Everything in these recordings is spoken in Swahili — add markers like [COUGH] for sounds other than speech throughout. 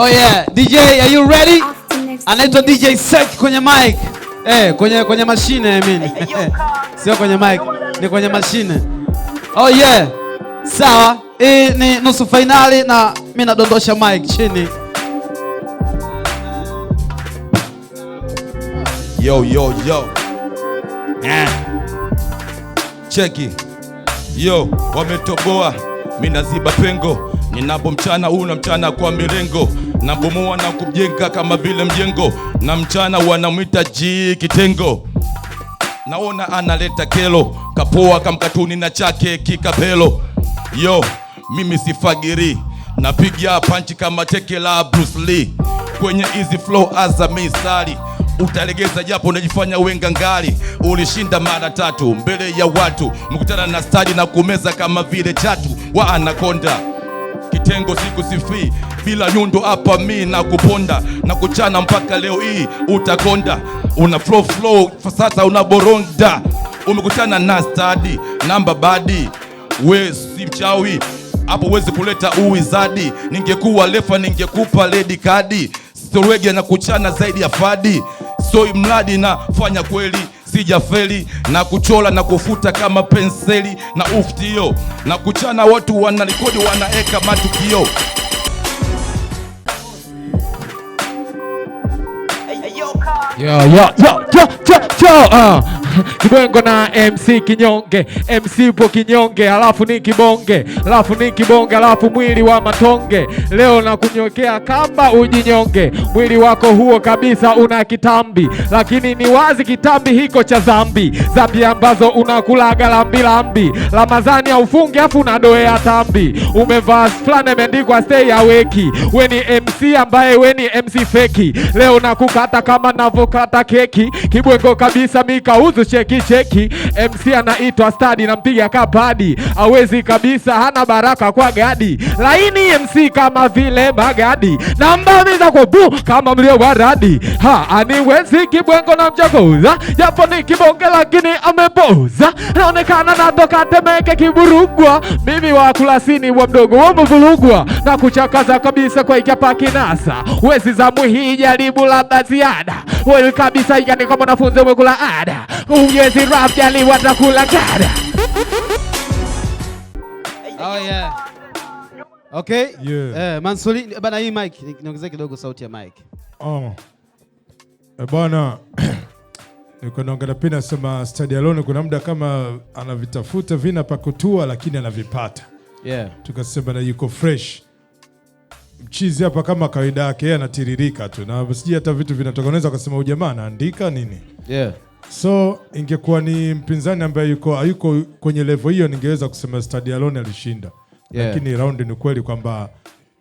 Oh yeah, DJ, are you ready? Anaitwa DJ Sek kwenye mic. Eh, kwenye kwenye mashine I mean. [LAUGHS] Sio kwenye mic, ni kwenye mashine. Oh yeah. Sawa. Hii ni nusu finali na mimi nadondosha mic chini. Yo yo yo. Eh. Cheki. Yo, wametoboa. Mimi naziba pengo. Ninapo mchana huu na mchana kwa mirengo na bomoa na kujenga kama vile mjengo, na mchana wanamwita ji kitengo. Naona analeta kelo, kapoa kamkatuni na chake kikapelo. Yo, mimi sifagiri, napiga panchi kama teke la Bruce Lee kwenye easy flow aza misali utalegeza japo unajifanya ngali, Ulishinda mara tatu mbele ya watu, mkutana na stadi na kumeza kama vile chatu wa anakonda siku sikusifii, bila nyundo hapa mi na kuponda na kuchana mpaka leo hii utakonda, una flow flow sasa unaboronda, umekutana na stadi namba badi, we si mchawi hapo, uwezi kuleta uwizadi, ningekuwa lefa ningekupa ledi kadi, storwege na kuchana zaidi ya fadi, so mradi nafanya kweli sijafeli na kuchola na kufuta kama penseli na uftio na kuchana, watu rekodi wanaeka matukio yo, yo, yo, yo, yo, yo, [LAUGHS] Kibwengo na MC Kinyonge, MC upo kinyonge, alafu ni kibonge, alafu ni kibonge, alafu mwili wa matonge, leo na kunyokea kamba ujinyonge, mwili wako huo kabisa una kitambi, lakini ni wazi kitambi hiko cha zambi, zambi ambazo unakulaga lambilambi, Ramadhani aufunge afu unadoea tambi, umevaa fulana imeandikwa stay aweki, we ni MC ambaye we ni MC feki, leo nakukata kama navokata keki, kibwengo kabisa mikauzu cheki cheki, MC anaitwa stadi, nampiga kapadi, awezi kabisa, hana baraka kwa gadi, laini MC kama vile magadi, nambamiza kwa bu kama mlio waradi, ha aniwezi kibwengo na mchakoza, japo ni kibonge lakini ameboza, naonekana natoka Temeke Kiburugwa, mimi wa kulasini wa mdogo wa mvulugwa, na kuchakaza kabisa kwa ikiapa kinasa, wezi zamu hii jaribu labda ziada, weli kabisa, yani kama mwanafunzi umekula ada Umwezi Rafjali watakula dada. Oh yeah. Okay? Yeah. Eh, Mansuri, bana hii mic, niongezee kidogo sauti ya mic. Oh. Eh, bana. [CLEARS THROAT] Niko naongea pia nasema Study Alone kuna muda kama anavitafuta vina pa kutua lakini anavipata. Yeah. Tukasema na yuko fresh. Mchizi hapa kama kawaida yake yeye anatiririka tu na sijui hata vitu vinatoka, unaweza kusema ujamaa anaandika nini. Yeah. So ingekuwa ni mpinzani ambaye yuko hayuko kwenye level hiyo, ningeweza kusema Stadi Alone alishinda yeah. Lakini raundi ni kweli kwamba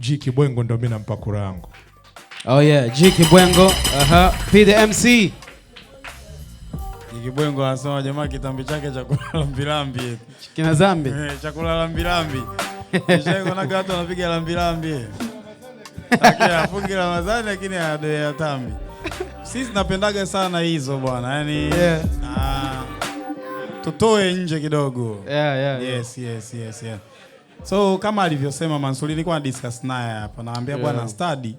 G Kibwengo ndio mimi nampa kura yangu. Oh yeah, G Kibwengo, aha, P the MC. G Kibwengo anasema jamaa kitambi chake cha kula lambilambi. Kina zambi. Eh, cha kula na gato anapiga la lambilambi. [LAUGHS] Lakini afungi mazani lakini anadoa tambi. Sisi napendaga sana hizo bwana, yani yeah. Ah, tutoe nje kidogo yeah, yeah, yeah. Yes, yes, yes, yeah. So kama alivyosema Mansuri, nilikuwa na discuss naye hapa, naambia yeah. Bwana Study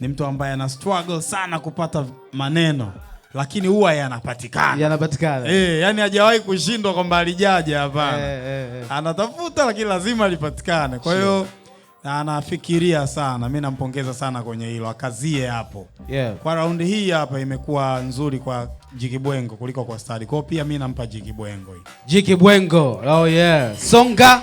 ni mtu ambaye ana struggle sana kupata maneno lakini huwa yanapatikana yanapatikana, eh, yani hajawahi kushindwa kwamba alijaja hapana. hey, eh, eh, hey, eh. hey. Anatafuta lakini lazima lipatikane, kwa hiyo sure anafikiria sana. mi nampongeza sana kwenye hilo, akazie hapo yeah. Kwa raundi hii hapa imekuwa nzuri kwa Jikibwengo kuliko kwa stadi kwao pia mi nampa Jikibwengo Jikibwengo, oh yeah. Songa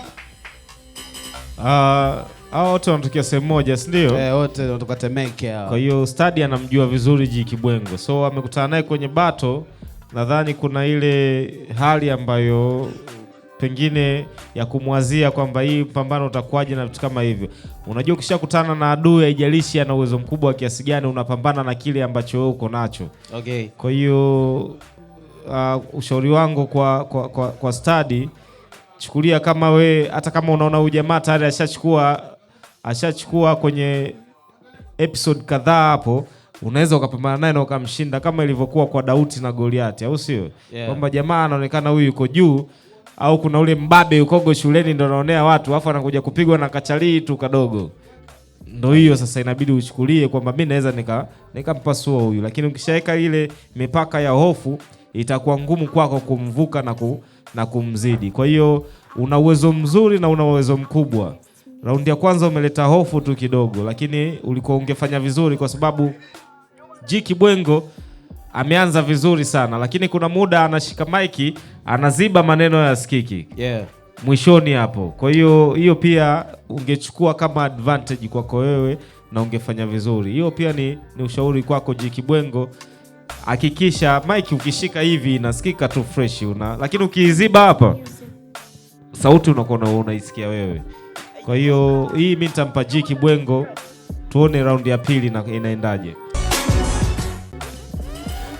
uh... wote wanatokea sehemu moja, si ndio? Eh, wote wanatoka Temeke Kwa hiyo Stadi anamjua vizuri jikibwengo so amekutana naye kwenye bato, nadhani kuna ile hali ambayo pengine ya kumwazia kwamba hii pambano utakuwaje na vitu kama hivyo. Unajua, ukishakutana na adui, haijalishi ana uwezo mkubwa wa kiasi gani, unapambana na kile ambacho wewe uko nacho. Okay. Kwa hiyo uh, ushauri wangu kwa, kwa, kwa, kwa stadi, chukulia kama we, hata kama unaona huyu jamaa tayari ashachukua ashachukua kwenye episode kadhaa hapo unaweza ukapambana naye na ukamshinda kama ilivyokuwa kwa Daudi na Goliati, au sio? Yeah. Kwamba jamaa anaonekana huyu yuko juu au kuna ule mbabe ukogo shuleni ndo anaonea watu afu anakuja kupigwa na kachalii tu kadogo. Ndo hiyo sasa, inabidi uchukulie kwamba mi naweza nika nikampasua huyu, lakini ukishaweka ile mipaka ya hofu itakuwa ngumu kwako kumvuka na, ku, na kumzidi. Kwa hiyo una uwezo mzuri na una uwezo mkubwa. Raundi ya kwanza umeleta hofu tu kidogo, lakini ulikuwa ungefanya vizuri kwa sababu G Kibwengo ameanza vizuri sana, lakini kuna muda anashika maiki anaziba maneno ya sikiki yeah. Mwishoni hapo. Kwa hiyo hiyo pia ungechukua kama advantage kwako wewe na ungefanya vizuri. Hiyo pia ni, ni ushauri kwako Jikibwengo, hakikisha maiki ukishika hivi inasikika tu fresh una, lakini ukiiziba hapa sauti unakuwa unaisikia wewe. Kwa hiyo hii mimi nitampa Jikibwengo, tuone raundi ya pili inaendaje.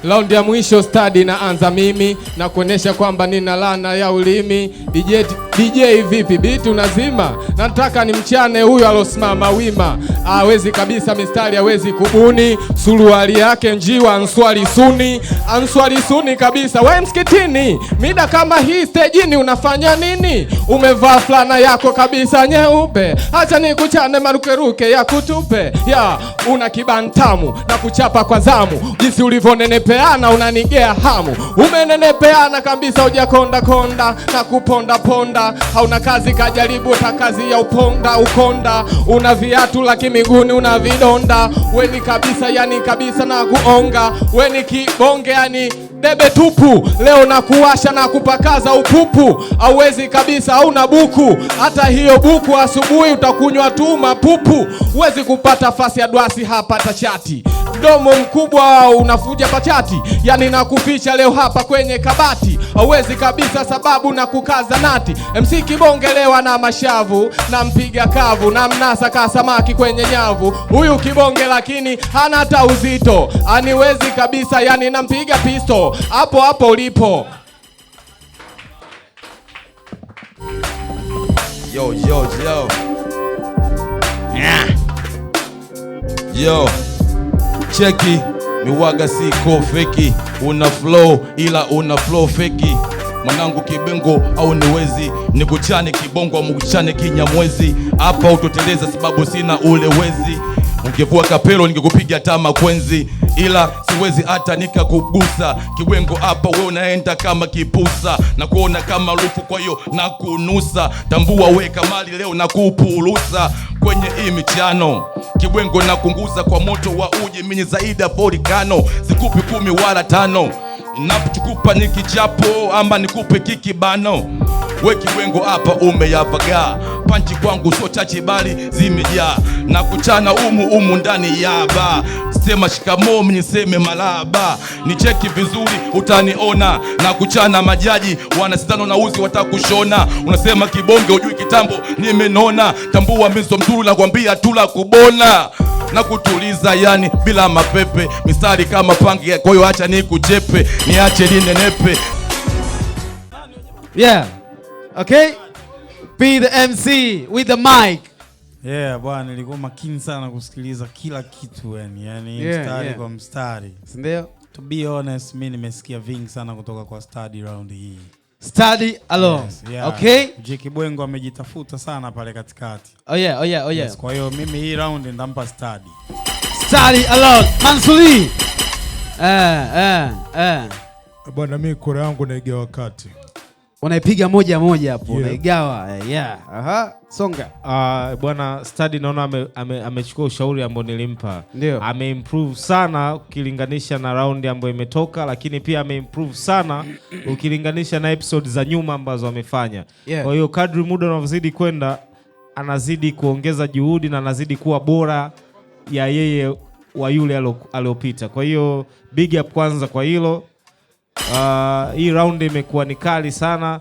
Raundi ya mwisho stadi na anza mimi na kuonesha kwamba nina lana ya ulimi dijeti DJ vipi, biti unazima? Nataka ni mchane huyo alosimama wima, awezi kabisa mistari, awezi kubuni, suruali yake njiwa, answali suni, answali suni kabisa. We msikitini, mida kama hii stejini unafanya nini? Umevaa flana yako kabisa nyeupe, acha ni kuchane marukeruke ya kutupe ya una kibantamu na kuchapa kwa zamu, jinsi ulivyonenepeana unanigea hamu, umenenepeana kabisa, ujakondakonda na kupondaponda hauna kazi kajaribu ta kazi ya uponda ukonda, una viatu lakini miguuni una vidonda, weni kabisa yani kabisa na kuonga, weni kibonge yani debe tupu. Leo na kuwasha na kupakaza upupu, auwezi kabisa, hauna buku. Hata hiyo buku asubuhi utakunywa tu mapupu, huwezi kupata fasi ya dwasi hapa tachati mdomo mkubwa unafuja pachati, yani nakuficha leo hapa kwenye kabati, hauwezi kabisa sababu na kukaza nati. MC Kibonge leo na mashavu, nampiga kavu, namnasa kasamaki kwenye nyavu. Huyu Kibonge lakini hana hata uzito, aniwezi kabisa, yani nampiga pisto hapo hapo ulipo. Yo, yo, yo. Yeah. Yo cheki miwaga siko feki, una flow ila una flow feki mwanangu kibengo au niwezi nikuchane kibongo au mkuchane kinyamwezi, hapa utoteleza sababu sina ule wezi. Ungevua kapelo ningekupiga tama kwenzi, ila siwezi hata nikakugusa kiwengo. Hapa we unaenda kama kipusa na kuona kama rufu kwa hiyo nakunusa. Tambua we kamali leo nakupulusa kwenye hii michano kibwengo na kunguza kwa moto wa uji minye zaidi ya zikupi sikupi kumi wala tano napochukupa nikijapo ama nikupe kikibano we kiwengo hapa umeyavagaa, panchi kwangu sio chache bali zimejaa, na kuchana umu umu ndani ya Sema shikamoo mniseme malaba, nicheki vizuri utaniona, na kuchana majaji wanasitano na uzi watakushona. Unasema kibonge ujui kitambo, nimenona tambua mizo mtulu na kwambia tula kubona na kutuliza yani bila mapepe misari kama pangi. kwayo hacha ni nikuchepe, niache ninenepe, yeah. Okay? Be the MC with the mic. Yeah, bwana nilikuwa makini sana kusikiliza kila kitu yani, yani yeah, mstari yeah, kwa mstari. ndio? To be honest, mimi nimesikia vingi sana kutoka kwa study round hii. Study alone. Yes, yeah. Okay? Jiki Bwengo amejitafuta sana pale katikati. Oh yeah, oh yeah, oh yeah. Yes, kwa hiyo mimi hii round ndampa study. Study alone. Mansuri. Eh, eh, eh. Bwana mimi kura yangu naiga wakati unaipiga moja moja hapo yeah. Unaigawa eh, yeah. Aha, songa. Uh, bwana Study naona amechukua ame, ame ushauri ambao nilimpa. Ameimprove sana ukilinganisha na raundi ambayo imetoka, lakini pia ameimprove sana ukilinganisha na episode za nyuma ambazo amefanya. Yeah. Kwa hiyo kadri muda unavyozidi kwenda anazidi kuongeza juhudi na anazidi kuwa bora ya yeye wa yule aliyopita. Kwa hiyo big up kwanza kwa hilo. Uh, hii raundi imekuwa ni kali sana.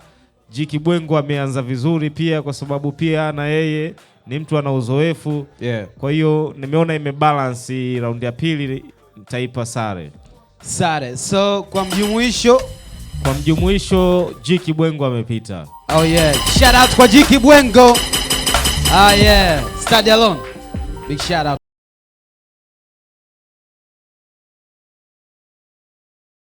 Jiki Bwengo ameanza vizuri pia, kwa sababu pia na yeye ni mtu ana uzoefu yeah. Kwa hiyo nimeona imebalance raundi ya pili, nitaipa sare sare. So kwa mjumuisho, kwa mjumuisho Jiki Bwengo amepita. Oh yeah, shout out kwa Jiki Bwengo. Ah yeah, stand alone, big shout out.